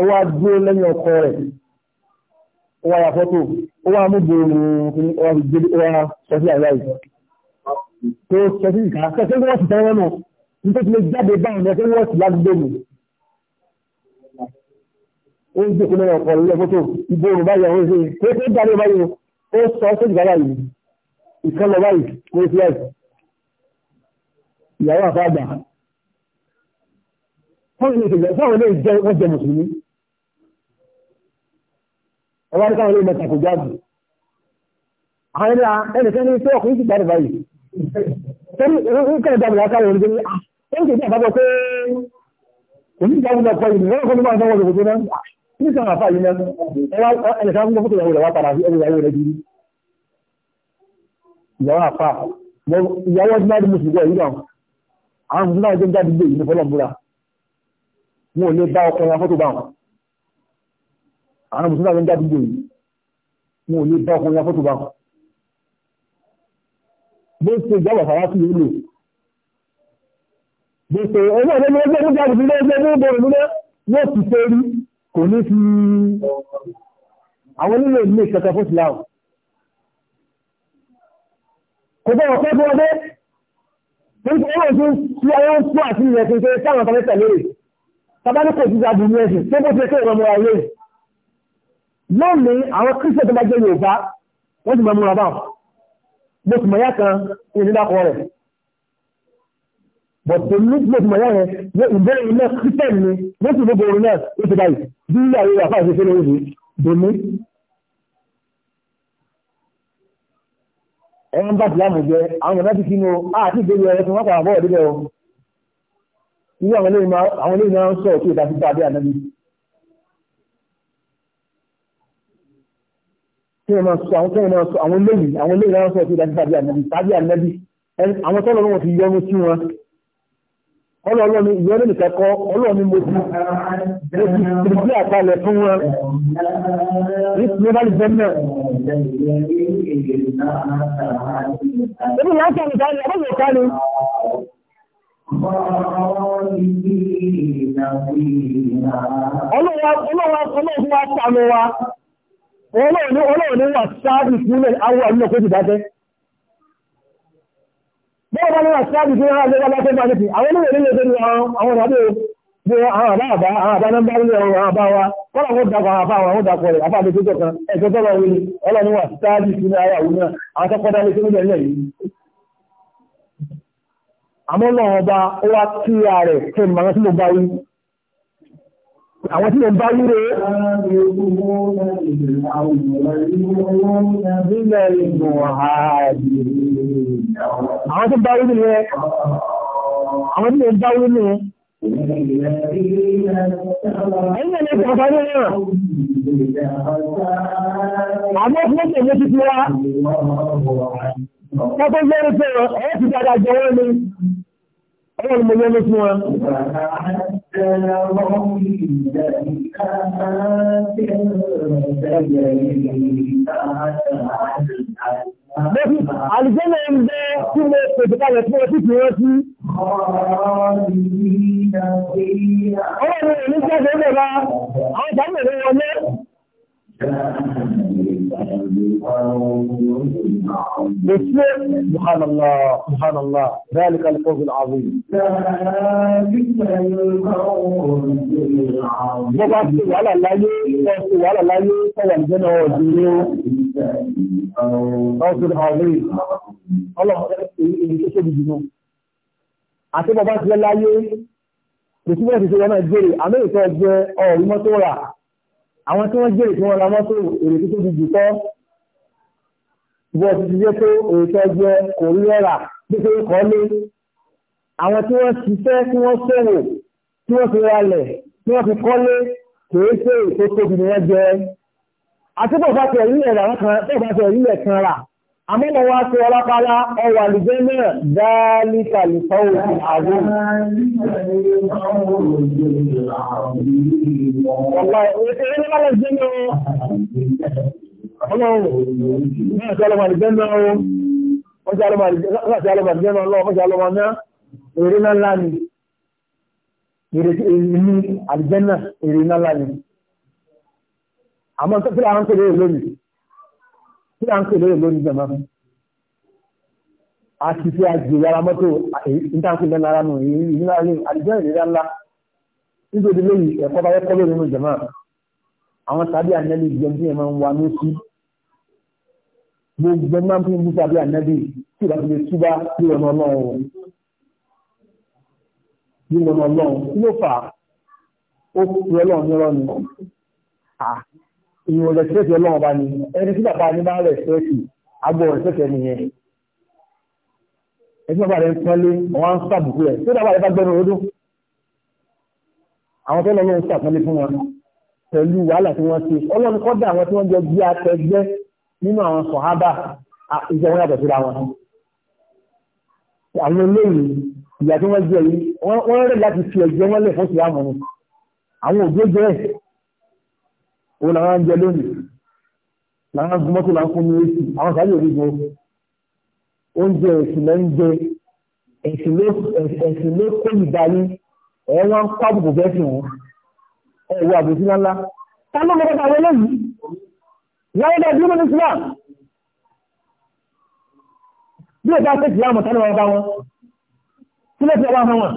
ó wá gbé lẹ́yìn ọkọ rẹ̀ ó wá ya fọ́tò ó wá mú gbòòrò ní ọwá fi gbé ó wá sọ sí àríwá yìí tó sọ sí ìka sọ sí wọ́n ti tẹ́wọ́n náà ní tó ti lè jáde báyìí lọ sí wọ́n ti ládùúgbò mi ó ń gbèkú lẹ́yìn ọkọ lẹ́yìn fọ́tò ìgbòòrò báyìí àwọn ìṣe pé pé dáre báyìí ó sọ sí ìka báyìí ìkan lọ báyìí kó sí ẹ̀ ìyàwó àfáàgbà fáwọn ilé ìjẹ wọ́n jẹ mùsùlùmí ọwá ní káwọn olóògbé tàkù jáàbù àwọn ẹni ẹnìkan ní tó ọkùnrin sì gbàdé báyìí torí nǹkan ìjàmbá látàrí orí gbé ah ó ń ṣe bí àbábọ̀ pé òní ìjàmbá náà pọ̀ yìí lọ́wọ́ kọ́ ló máa sanwó òṣèlú náà kí sọ̀rọ̀ àfà yìí náà ẹnìkan fún fókè ìyàwó rẹ̀ wá padà ẹni ìyàwó rẹ̀ jírí ìyàwó àfà ìyàwó ọdún náà di mùsùlùmí yìí náà àwọn mùsùlùmí náà jẹ́ jáde gbé ìlú fọlọ́mbúra wọn ò lè bá ọkùnrin afọ́tò báwọn àwọn mùsùlùmí àwọn jádùgbò yìí wọn ò lè bá ọkùnrin afọ́tò bá bó ṣe ìjábọ̀ fara sí ìlú bó ṣe ọjọ́ ìlú ẹgbẹ́ tó jáde nílé ẹgbẹ́ tó bọ̀rọ̀ nílé yóò ti ṣe rí kò ní fi àwọn nílò ilé ìkẹta fún ìlà kò bọ̀ ọ̀pẹ́ fún ọdẹ nígbà wọn tún fi àwọn fún àti ìrẹsì ìṣẹ́ sáwọn ọ̀tọ̀ mẹ́tẹ̀lẹ́rẹ̀ tàbá ní kò sí ìjábù ní ẹ̀sìn tó bó ṣe kẹ́ ìrọmọ ayé lónìí àwọn kírísẹ̀ tó bá jẹ́ Yorùbá wọ́n ti mọ̀ múra báwọn mo ti mọ̀ yá kan ìrìnlákọ̀ rẹ̀ bọ̀tẹ̀ ní mo ti mọ̀ yá rẹ̀ ní ìbéèrè iná kírísẹ̀ ni wọ́n sì gbogbo orin náà ó ti báyìí bí ilé ayé àfáà ṣe fẹ́rẹ̀ òní domi ẹ̀rọ bá ti láàmù jẹ àwọn ọ̀nà ti fi mo àti ìgbéyìí ọ̀rẹ́ tí wọ́n pàrọ̀ bọ́ọ̀ kí ẹ máa sọ àwọn kí ẹ máa sọ àwọn lẹ́yìn àwọn lẹ́yìn láwọn sọ ìdájí tàbí ànábì tàbí ànábì àwọn tọ́lọ̀ wọn fi yọnu sí wọn ọlọ́ọ̀lọ́ ni ìyọnu nìkan kọ́ ọlọ́ọ̀ ni mo ti mo ti àkàlẹ̀ fún wọn ní bá lè fẹ́ náà. ebi wọn sọ nìkan ni ọlọ́ọ̀ nìkan ni. Ọlọ́run wa ọlọ́run wa ọlọ́run wa sànù wa. Ọlọ́run wà sáàbì sílẹ̀ awọ àwọn ọkọ̀ ti dájẹ́. Bọ́ọ̀ bá ní wà sáàbì sílẹ̀ àwọn ọlọ́wọ́ látọ́ bá nìtì, àwọn olóòrùn ní ẹgbẹ̀rẹ̀ àwọn ọ̀dọ́ bí àwọn àbá bá rí àwọn àbá wa, kọ́lá wọ́n dàpọ̀ àwọn àwọn àwọn dàpọ̀ rẹ̀, àbá àdókò tó kan, ẹ̀sọ́ tọ́lọ wí, ọlọ́run wà sáàbì sílẹ̀ àwọn àwọn náà, àwọn tọ́kọ́dá ilẹ̀ bá sí àwọn tí lè bá wúre àwọn tí bá wúre rẹ̀ àwọn tí lè bá wúre rẹ̀ Ẹ̀yìn ẹ̀lẹ́ ìpàtà ní ẹ̀rọ. Àwọn ọmọ ọmọ ọmọ títí wá. Ọkọ̀ lẹ́rẹ̀ pẹ̀rọ, ẹ̀ẹ́ ti dáadáa jẹ́ wọ́n ní. Ẹ̀yìn ọmọ ọmọ ọmọ ترون ذلك ń bẹ́ tí mo pèsè kalẹ̀ fún ọtí fi rántí. Ọlọ́run ìlú jáde ń bẹ̀ àwọn ìdámẹ̀rẹ̀ wọlé. بسم سبحان الله سبحان الله ذلك الفوز العظيم ذلك ولا لا ولا لا سوى الجنة العظيم الله يكتب الجنة àti bàbá ti lẹ́láyé kò túnbọ̀ ti ṣe wọn náà jèrè àmì ìfẹ́ jẹ ọ̀rùn mọ́tò àwọn tí wọ́n jèrè tí wọ́n ra mọ́tò èrè tó ti jù tọ́ bọ́ọ̀ ti jẹ́ pé òótọ́ jẹ́ kò rí ọ̀rà pípé kọ́ lé àwọn tí wọ́n ṣiṣẹ́ tí wọ́n ṣòwò tí wọ́n fi ralẹ̀ tí wọ́n fi kọ́lé kìí ṣe ètò tóbi ni wọ́n jẹ́ àtúbọ̀ bá tẹ̀ ilé rà kan tó bá tẹ̀ ilé kan rà Àmínà wá sí ọlápàá ọwà lùgbẹ́ náà dáálítà lùfọ́ òfin àwọn Ìrìnà láni. Àmọ́ tó fíra ń pèrè lónìí tí a ń pè lórí lórí jẹ̀mọ́ a ti fi àjò yàrá mọ́tò ìtànkù lẹ́nu ara nù ìnira ilé àdìjọ́ ìlera ńlá nítorí lórí ẹ̀kọ́ bá yẹ́kọ́ lórí jẹ̀mọ́ àwọn tàbí ànẹ́lì jẹun tí ẹ máa ń wa ní sí gbogbo ẹ máa ń fi mú tàbí ànẹ́lì tí ìbá fi lè túbá bí ọ̀nà ọlọ́run bí ọ̀nà ọlọ́run kí ló fà ó pè ọlọ́run ní ọlọ́run ìwọ̀n rẹ̀sẹ̀tì ọlọ́run bá ní ẹni tí bàbá ní bá rẹ̀sẹ̀tì agbó rẹ̀sẹ̀tì ẹni yẹn ẹni bàbá rẹ̀ ń pẹ́lẹ́ àwọn ń sàbùkú rẹ̀ tí bàbá rẹ̀ bá gbẹ́nu ọdún àwọn tó lọ́wọ́ ń sàpẹ́lẹ́ fún wọn pẹ̀lú wàhálà tí wọ́n ṣe ọlọ́run kọ́dà àwọn tí wọ́n jọ bí akẹgbẹ́ nínú àwọn sọ̀hábà ìjọ wọn yàtọ̀ síra wọn àwọn eléyìí ìyà tí wọ́n jẹ yìí wọ́n rẹ̀ láti fi ẹ̀jẹ̀ wọn lẹ̀ fún ìsìlámù ni àwọn òbí jẹ́ òun làwọn ń jẹ lónìí làwọn gun mọ́tò làwọn fún ní èsì àwọn sáré òrìgbò oúnjẹ ẹ̀sìn lẹ́ ń jẹ ẹ̀sìn ló kó ìdarí ẹ̀ wọ́n kọ́ àbùkù fẹ́ fi hàn ẹ̀ wọ àbùkù ńláńlá ta ló mọ́tò àwọn eléyìí láwọn bá dúró ní Islam bí ẹ̀dá pé Islam ọ̀tá ni wọ́n bá wọn kí ló fi ọba hàn wọn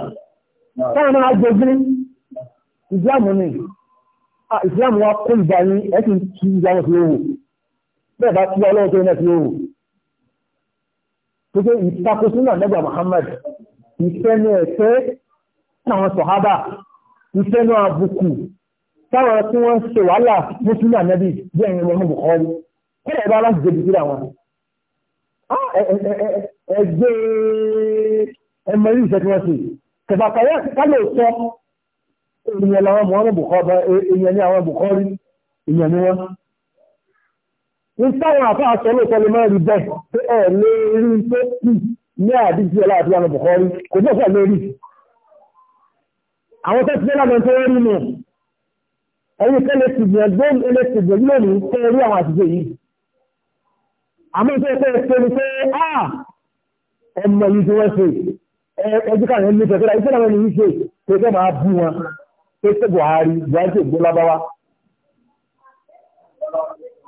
táwọn náà á jẹ ìgbín Islam ni Ah, Islam wa kó ìgbà yín ẹ̀sìn kí ìyá wọn fi owó bẹ́ẹ̀ bá kí ọlọ́run tó yẹn fi owó tó pé ìtakosí náà nẹ́gbà Muhammad ìfẹ́nu ẹ̀fẹ́ àwọn sọ̀hábà ìfẹ́nu àbùkù táwọn tí wọ́n ṣe wàhálà mùsùlùmí ànábì bí ẹ̀yin wọn bù kọ́ kí ẹ̀rọ aláṣẹ jẹbi síra wọn. ẹgbẹ́ ẹmọ yìí ìṣẹ́ tí wọ́n ṣe kẹfà kàlẹ́ òtọ́ èèyàn làwọn mọ̀ọ́mọ̀ bùkọ́ èèyàn ní àwọn bùkọ́ rí èèyàn ní wọ́n ní sáwọn àfáà sọ lóòótọ́ lè máa rí bẹ́ẹ̀ pé ẹ̀ lè rí pé kí ní àdíjì ọlá àti àwọn bùkọ́ rí kò ní ọ̀fẹ́ lórí àwọn tó ti dé lágbọn tó rí nù ẹ̀yìn kẹ́lẹ́ ti gbìyànjú ilé ti gbìyànjú lónìí kẹ́ rí àwọn àtijọ́ yìí àmọ́ tó ṣe ṣe ni pé á ọmọ yìí tí wọ́n ṣe ẹjú káàrin ní ìfẹ́ pé Buhari Buhari tí ògbó lábáwá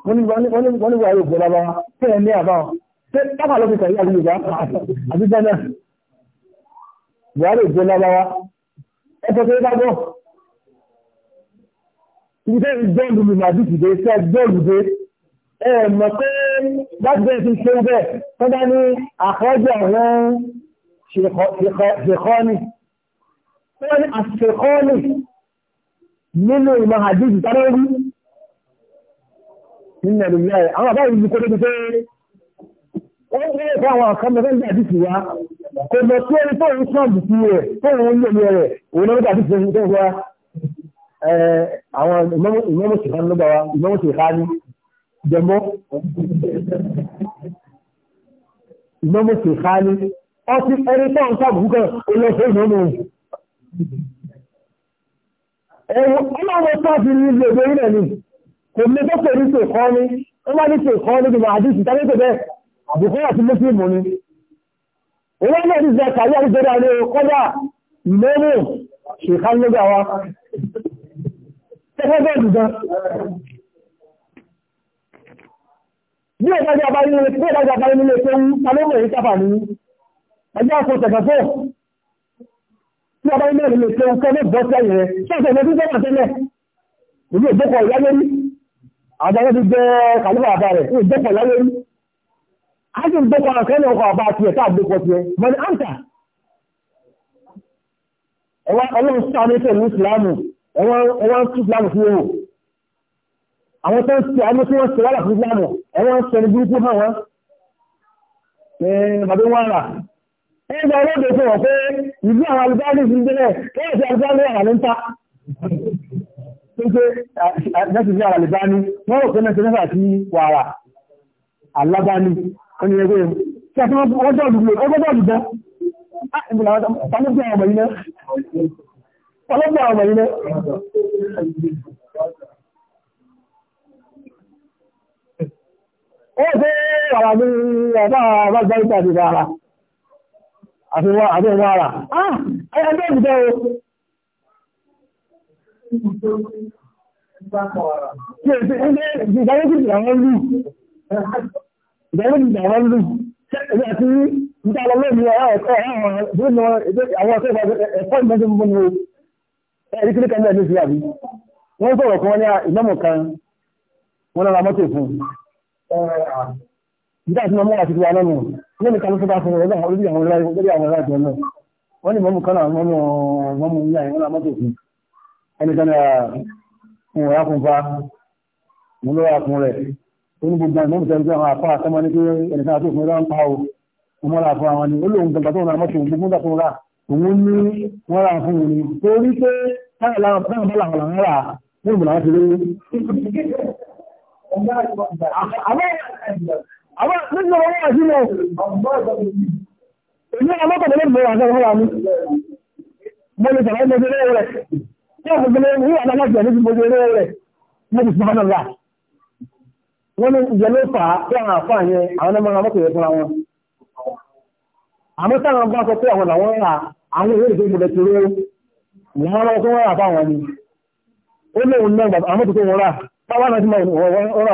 wọ́n ní Buhari ògbó lábáwá tí ẹ̀ ní àbáwọn tí káfà ló fi kàn yí àti Yorùbá àti Ghana Buhari ògbó lábáwá ẹ sọ pé dájọ́ ibi tẹ́ ń gbọ́ lùlù màdì dìde tẹ́ gbọ́ lùdé ẹ mọ̀ pé láti bẹ́ẹ̀ ti ṣe bẹ́ẹ̀ tó bá ní àkọ́jọ àwọn ṣèkọ́ ni wọ́n ní àṣekọ́ ni nílò ìmọ̀ àdíjì tàbí rí nínú ẹ̀rùn rẹ̀ àwọn àbáyé ìlú kó tó pé ó ń rí ẹ̀kọ́ àwọn akọ́mọ̀fẹ́ ní àdíjì wá kò mọ̀ tí ẹni tó ń sọ́ọ̀bù sí rẹ̀ tó ń lò ní rẹ̀ òun lọ́gbà àdíjì tó ń tó wá àwọn ìmọ̀mọ̀sì kan ló bá wa ìmọ̀mọ̀sì ká ní jẹmọ́ ìmọ̀mọ̀sì ká ní ọtí ẹni tó ń sọ́ọ̀bù kan ó lọ sí ìmọ̀mọ̀ ọlọ́run tọ́jú ní ilé ìgbé ilẹ̀ ni kò ní tó pèrú tó kọ́ ní wọ́n bá ní tó kọ́ ní gbogbo àdìsí tàbí tó bẹ́ẹ̀ àbùkọ́ àti mùsùlùmù ni owó náà ní ìjọ kàwé àdìgbèrè àrẹ kọ́dà mẹ́rin ṣèkán lórí àwa tẹ́fẹ́ bẹ́ẹ̀ dùdán bí ìdájọ́ sáfà ní ẹjọ́ àkóso kẹfẹ́ tí ọba ilé ìlú tó ń kọ́ ní bọ́sẹ̀ yẹn ṣáàtì ìlú tó bọ́sẹ̀ sílẹ̀ ìlú ìdókọ̀ ìyáyé rí àdáyé ti jẹ́ kàlífà àbá rẹ̀ ìlú ìdókọ̀ ìyáyé rí a sì ń dókọ̀ àkẹ́ ní ọkọ̀ àbá tiẹ̀ tá àgbékọ̀ tiẹ̀ mọ́ni áńtà ẹwà ọlọ́run sáré tẹ̀ ní ìsìlámù ẹwà ń tú ìsìlámù sí ewu àwọn tó ń ṣe àánú tí wọ́n ṣe wálà fún ìsìlámù ẹwà ń sọ ní burúkú hàn wọ́n ẹgbẹ́ ọlọ́dẹ fún wọn pé ìlú àwọn alùbáàlì fi délẹ̀ lẹ́yìn tí alùbáàlì wà ní ń ta pípé láti fi àwọn alùbáàlì wọ́n rò pé náà ti mẹ́fà sí wàrà alábáàlì oníyẹgbẹ́ tí a ti wọ́n jọ òdùgbò ọgọ́dọ̀ òdùgbò ọlọ́gbà ọmọ yìí náà ó ṣe àwọn àmì àbá àbá ìgbà ìgbà ìgbà àfihàn àfihàn ara ẹgbẹ́ ìgbẹ́ o ìgbàlódé ìgbàwọ́n lù ìgbàlódé ìgbàwọ́n lù ẹgbẹ́ àti níta lọ lónìí ẹ̀kọ́ àwọn ọ̀sẹ̀ ẹ̀kọ́ ìgbẹ́sẹ̀ mú ní ẹ̀rí kílé kan lẹ́nu sí àbí wọ́n sọ̀rọ̀ kan ní ìmọ̀mọ̀ kan wọ́n lọ́ra mọ́tò fún un níta sí mọ́mọ́ àti tiwa lọ́nà lẹ́nu kan ló bá fún ọ̀rọ̀ lórí àwọn ọ̀rọ̀ lórí àwọn ọ̀rọ̀ àjọ náà wọ́n ní mọ́mú kan náà mọ́mú mọ́mú ní àyẹ̀wò náà mọ́tò fún ẹni kan náà fún ọ̀rá fún fa mo ló wà rẹ̀ ó ní gbogbo àmọ́ ìtẹ́jú àwọn afọ àtọ́mọ́ ní ẹni kan tó fún ẹran pa o ọmọ rà fún àwọn ni ó lóun gbàgbà tó ń mọ́tò gbogbo gbà tó ń òun ní wọ́n rà fún òun ni torí pé táyà àwọn nínú na àjílẹ̀ ìlú ọlọ́pàá lè bọ̀rọ̀ àjọ ìwọ̀n mi mo lè sọ̀rọ̀ ẹgbẹ́ ìrẹ́ rẹ̀ tí ó ọmọ ọmọ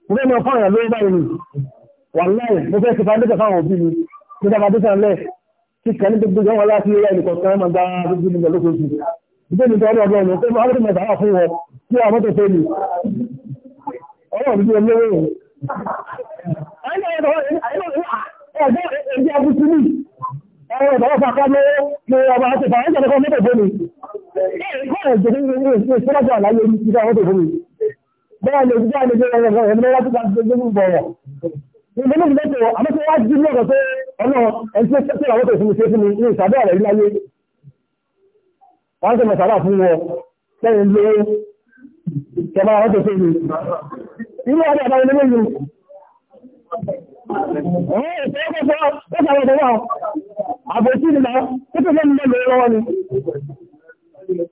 mo fẹ́ mọ fáwọn lórí báyìí ni wà láì mo fẹ́ ṣe fàndékà fáwọn òbí mi mo dábàá tó sàn lẹ̀ kí kàní gbogbo ìjọba láti ilé ẹnìkan kan máa gba gbogbo ìjọba lóṣooṣù ìgbé mi tọ́jú ọgbọ́n mi pé mo ábẹ́rẹ́ mẹ́ta wà fún wọn kí àwọn mọ́tò tó lè ọwọ́ mi bí olówó rẹ̀. ẹgbẹ́ abúkú ní ẹ̀rọ ìdọ́wọ́ fàkà lọ́wọ́ ní ọba àti ìfàwọn ìjọba bẹ́ẹ̀ ni ìdíjọ́ àdéjọ́ ọ̀rọ̀ ẹ̀mọ́ wá tó bá ti gbogbo bọ̀wọ̀. Ìgbẹ́ ní ìgbẹ́ tó àmọ́ wá jí lọ́rọ̀ pé ọ̀nà ẹni tí àwọn tó fún ṣe fún mi ní ìsàbẹ̀ rẹ̀ ní ayé. Wọ́n tó mọ̀ fún wọn lẹ́yìn ló kẹfà àwọn tó fún mi. Irú ọdẹ àbáwọn ilé yìí. Ọ̀rọ̀ ìfẹ́ ọkọ̀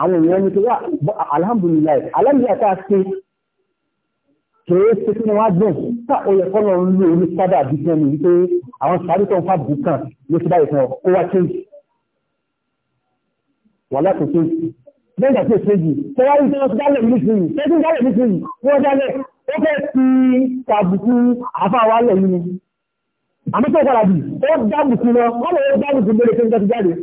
àwọn èèyàn ní kíwá alhamdulillah alhamdulillah tá a ṣe kèé ṣe kí wọ́n á dùn tá ó yẹ kọ́nà ń lò ní sábà bí fún mi wípé àwọn sáré tó ń fa bùkàn ló ti báyìí fún ọ kó wá change wà láti change lẹ́yìn ìgbà tí ó change tẹ́wárí tí wọ́n ti dálẹ̀ nísìnyí tẹ́tí dálẹ̀ nísìnyí wọ́n dálẹ̀ ó fẹ́ fi tàbùkù àfáwálẹ̀ yìí àmì tó kọ́ra bì ó dábùkù lọ wọ́n lè dábùkù lórí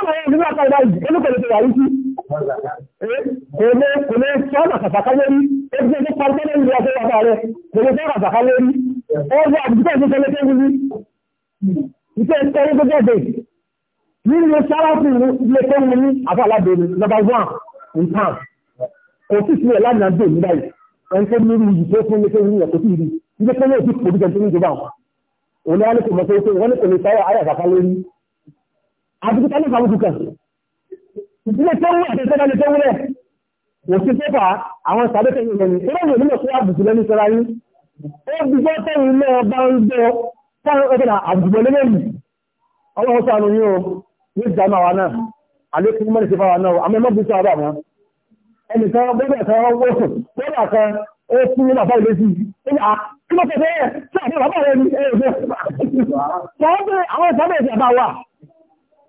Ọlọ́run ẹ̀yìn nígbà kan báyìí, olúkọ̀lẹ̀ ti wà yìí sí. Kò lè kò lè sọ́nà kàkàkà lórí, ebi ẹni pàtó lórí ìlú ọ̀fẹ́ bàbá rẹ̀, kò lè sọ́nà kàkàkà lórí. Ó wọ àdúgbò ìṣẹ́ tẹ́lẹ̀ tẹ́lẹ̀ wí. Iṣẹ́ ìtẹ́rí gbogbo ẹ̀dẹ̀. Nínú sáráàtì ilé tó ń mú àbá aládèrè nọ́mbà one in town. Kò sí ìṣúlẹ̀ lánàá dè ní báyìí. Ẹni tó ní ìyí tó fún ilé tó ń yàn kò sí ìrí. Ilé tó ní èdè kò àti kíkẹ́ nípa lókùkà ìdílé tó wú àti ìṣẹ́lẹ̀ tó wúlẹ̀ wò sí pépà àwọn ìsàbẹ́tẹ̀ yìí lẹ́nu eré ìwé nílò fún àbùkù lẹ́nu sọ́ra yín ó gbígbọ́ tẹ́yìn ilé ọba ń gbọ́ táwọn ọ̀tọ̀dà àbùkù lẹ́nu ọlọ́run sọ àrùn yìí o ní ìjàmà wa náà àlékún mẹ́rin sí fáwa náà àmọ́ ẹmọ́ bí sọ àbà wọn ẹnìkan bẹ́ẹ̀ kan wó bẹ́ẹ̀ kan ó kú ní bàbá ìlé sí i kí ló fẹ́ bẹ́ẹ̀ sí àbí bàbá rẹ̀ ní ẹ̀rọ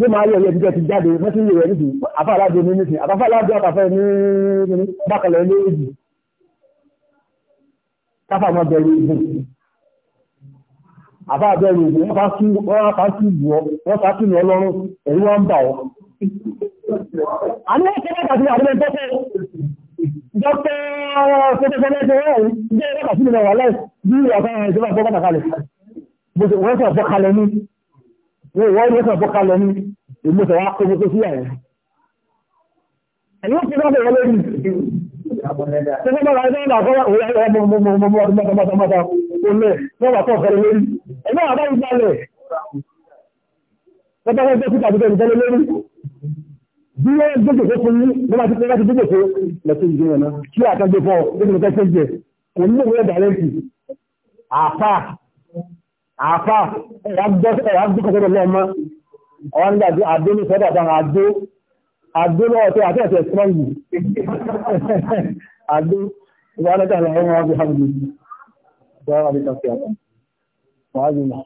bí máa yẹ̀ ẹ̀díjẹ́ ti jáde mẹ́sílẹ̀ rẹ̀ nìsí àfáàlájò ní nìsí àfáàlájò àtàfẹ́ ní ní bákalẹ̀ ilé èjì káfà mọ́ bẹ̀rẹ̀ ìgbìn àfáà bẹ̀rẹ̀ ìgbìn wọ́n fásí ìlú ọ wọ́n fásí ìlú ọlọ́run èyí wọ́n ń bà ọ́ àmì ẹ̀kẹ́ mẹ́ta sí àdúgbò tẹ́tẹ́ dọ́kẹ́ ọ̀rọ̀ tẹ́tẹ́ tẹ́tẹ́ wọ́n wọ́n ní ọkàn bọ́kálẹ̀ ní ìmúṣẹ̀ wá kó gbogbo sí àyẹ̀. ẹ̀yọ́ ti bá bẹ̀rẹ̀ lórí Tẹ́lẹ̀ bá wáyé náà kọ́ òun ẹ̀rọ mọ́tọ́mọ́tọ́mọ́tọ́ olè náà wà kọ́ fẹ́rẹ̀ lórí. Ẹ̀mọ́ àbá ìgbàlẹ̀. Tẹ́lẹ̀ bá wọ́n tẹ́kù tàbí tẹ́lẹ̀ lórí. Bí wọ́n gbèsè tó fún yín, bí wọ́n ti tẹ́lẹ̀ ti gbèsè lẹ́tọ́ ìjọ wọn náà. Kí àtàgbé fọ́, bí wọ́n tẹ́kù jẹ, kò ní òun ẹ̀dà rẹ̀ àfà ẹ̀yàgbẹ́kọ̀ọ́dọ̀ lọ́mọ àwọn nígbà tí àdó ní sọ́dọ̀ àtàwọn àdó àdó lọ́wọ́ tó àti ẹ̀sẹ̀ ẹ̀sẹ̀ yìí àdó ìwádọ́ta lọ́wọ́ wọn fi hàn mí